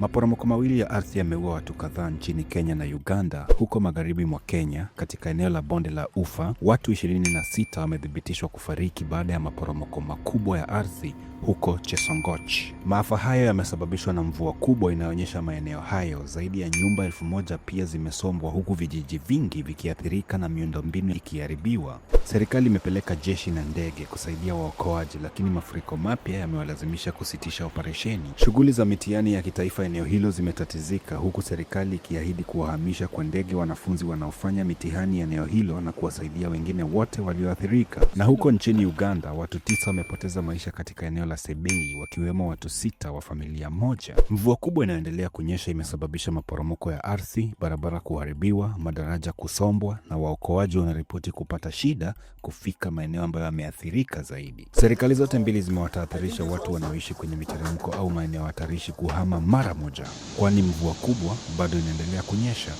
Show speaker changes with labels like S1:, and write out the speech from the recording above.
S1: Maporomoko mawili ya ardhi yameua watu kadhaa nchini Kenya na Uganda. Huko magharibi mwa Kenya, katika eneo la bonde la Ufa, watu 26 wamethibitishwa kufariki baada ya maporomoko makubwa ya ardhi huko Chesongoch. Maafa hayo yamesababishwa na mvua kubwa inayoonyesha maeneo hayo. Zaidi ya nyumba elfu moja pia zimesombwa, huku vijiji vingi vikiathirika na miundombinu ikiharibiwa. Serikali imepeleka jeshi na ndege kusaidia waokoaji, lakini mafuriko mapya yamewalazimisha kusitisha operesheni. Shughuli za mitihani ya kitaifa eneo hilo zimetatizika huku serikali ikiahidi kuwahamisha kwa ndege wanafunzi wanaofanya mitihani ya eneo hilo na kuwasaidia wengine wote walioathirika. Na huko nchini Uganda, watu tisa wamepoteza maisha katika eneo la Sebei, wakiwemo watu sita wa familia moja. Mvua kubwa inayoendelea kunyesha imesababisha maporomoko ya ardhi, barabara kuharibiwa, madaraja kusombwa, na waokoaji wanaripoti kupata shida kufika maeneo ambayo yameathirika zaidi. Serikali zote mbili zimewatahadharisha watu wanaoishi kwenye miteremko au maeneo hatarishi kuhama mara moja, kwani mvua kubwa bado inaendelea kunyesha.